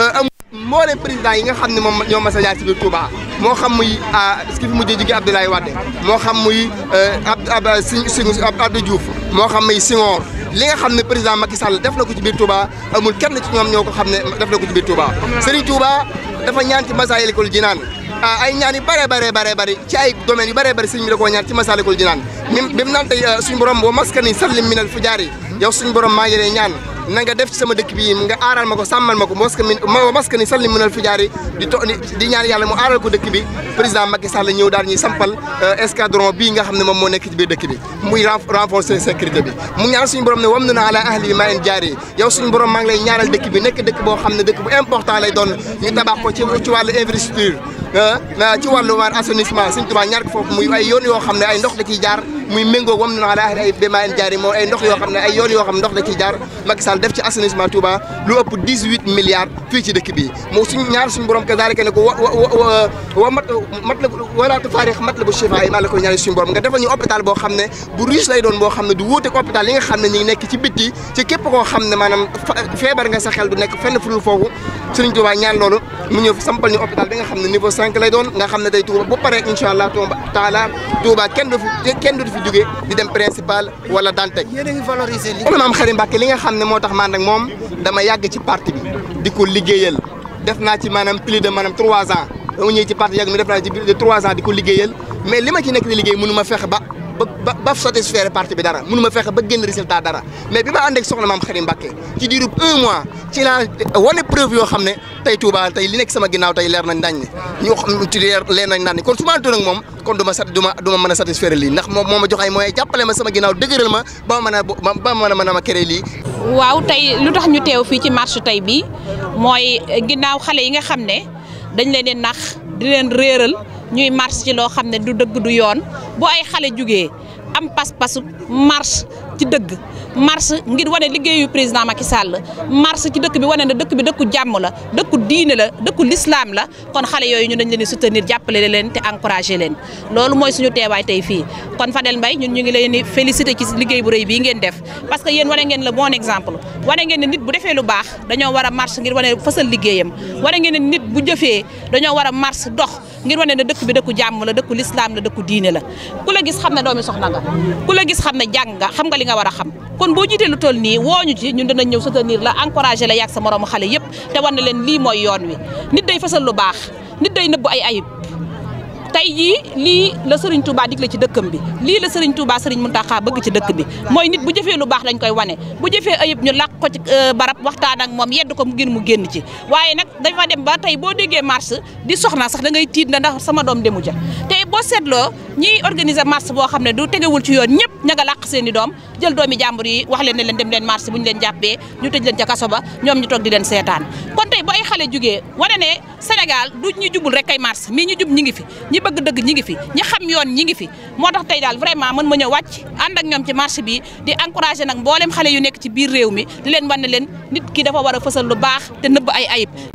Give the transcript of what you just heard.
Euh, am mboolee président yi nga xam ne moom ñoo mas a ci biir Touba moo xam muy ki ah, fi mujjee jigi Abdoulaye Wade moo xam muy euh, ab ab Abdou Diouf moo xam muy Senghor li nga xam ne président Macky Sall def na ko ci biir Touba amul kenn ci ñoom ñoo ko xam ne def na ko ci biir Touba Serigne ah, ay ñaan yu bëree bëree bëree bëri ci ay domaines yu bëree bëri sëriñ da koo ñaan ci Masaalikul Jinaan même bi mu naan tey ah, suñu borom boo maskani sallim minal fujaari yow suñu borom ma ngi lay ñaan nanga nga def ci sama dëkk bi nga aaral ma ko sàmmal ma ko moska mi moska ni sal ni mënal fijaari di di ñaan yàlla mu aaral ko dëkk bi président Macky Sall ñëw daal ñuy sampal euh, escadron bii nga xam ne moom moo nekk ci biir dëkk bi muy renforcer sécurité bi mu ñaan suñu borom ne wam nu na ala ahli bi maa en jaari yow suñu borom maa ngi ñaaral dëkk bi nekk dëkk boo xam ne dëkk bu important lay doon ñu tabax ko ci ci wàllu euh, ci wàllu waar assainissement suñ tubaab yoon yoo xam ne ay ndox da jaar muy méngoo wam na laa ay ay ndox yoo xam ne ay yoon yoo xam ndox def ci assainissement Touba lu ëpp 18 milliards fii ci dëkk bi moo suñ ñaar suñu borom kazalika ne ko du wuuteeg foofu Sëriñ Touba ñaan loolu mu ñëw sampal ñu hôpital bi nga xam ne niveau lay doon nga xam ne day Touba bu paree incha allah Touba kenn du fi fi di dem principal wala dantek maam Xarim valoriser li nga xam ne moo tax man nag mom dama yagg ci parti bi diko ko liggéeyal def na ci manam plus de manam 3 ans dama ñëw ci parti yagg mi def na ci plus de trois ans diko ko liggéeyal mais li ma ci nek di liggéey mënuma fex ba ba ba ba satisfaire parti bi dara mënuma fexe ba génn résultat dara mais bi ma ànd ak soxna maam Xadim Mbàkke ci diirub un mois ci laa wane preuve yoo xam ne tey Touba tey li nekk sama ginnaaw tey leer nañ daañu ne ñu xam ci leer leer nañ daañu ne kon su ma àndoon moom kon du ma ma du ma mën a satisfaire lii ndax moom moom ma jox ay moyens jàppale ma sama ginnaaw dëgëral ma ba ma mën a ma mën a lii. waaw tey lu tax ñu teew fii ci marché tey bii mooy ginnaaw xale yi nga xam ne dañ leen di nax di leen réeral ñuy marche ci loo xam ne du dëgg du yoon bu ay xale jugee am pas-pasu marche ci dëgg marche ngir wane liggéeyu président Macky sàll marche ci dëkk bi wane ne dëkk bi dëkk jàmm la dëkku diine la dëkk lislaam la kon xale yooyu ñu dañ leen di soutenir jàppale leen te encouragé leen loolu mooy suñu teewaay tey fii kon Fadel Mbaye ñun ñu ngi leen di félicité ci liggéey bu rëy bi ngeen def parce que yéen wane ngeen le bon exemple wane ngeen ne nit bu defee lu baax dañoo war a marche wane fësal liggéeyam wane ngeen ne nit bu jëfee dañoo war a marche dox ngir wane ne dëkk bi dëkku jàmm la dëkku lislaam la dëkku diine la ku la gis xam ne doomi soxna nga ku la gis xam ne jàng nga xam nga li nga war a xam kon boo jiitee lu toll nii woo ñu ci ñun dinañ ñëw soutenir la encouragé la yàgg sa moroomu xale yëpp te wan na leen lii mooy yoon wi nit day fësal lu baax nit day nëbbu ay ayib tey jii lii la Serigne Touba digle ci dëkkam bi lii la Serigne Touba Serigne Mountakha bëgg ci dëkk bi mooy nit bu jëfee lu baax dañ koy wane bu jëfee ayib ñu làq ko euh, barab waxtaan ak moom yedd ko mu génn mu génn ci waaye nag dafa dem ba tey boo déggee marche di soxna sax da ngay tiit na ndax sama doom demu ja tey boo seetloo ñiy organiser marche boo xam ne du tegewul ci yoon ñëpp ña nga seeni seen i doom jël doomi jàmbur yi wax leen ne leen dem leen marche bu ñu leen jàppee ñu tëj leen ca kaso ba ñoom ñu toog di leen seetaan xale jugee wane ne Sénégal du ñu jubul rek kay mars mii ñu jub ñi ngi fi ñi bëgg dëgg ñi ngi fi ñi xam yoon ñi ngi fi moo tax tey daal vraiment mën ma ñëw wàcc ànd ak ñoom ci marché bi di encouragé nag mboolem xale yu nekk ci biir réew mi di leen wan ne leen nit ki dafa war a fësal lu baax te nëbb ay ayib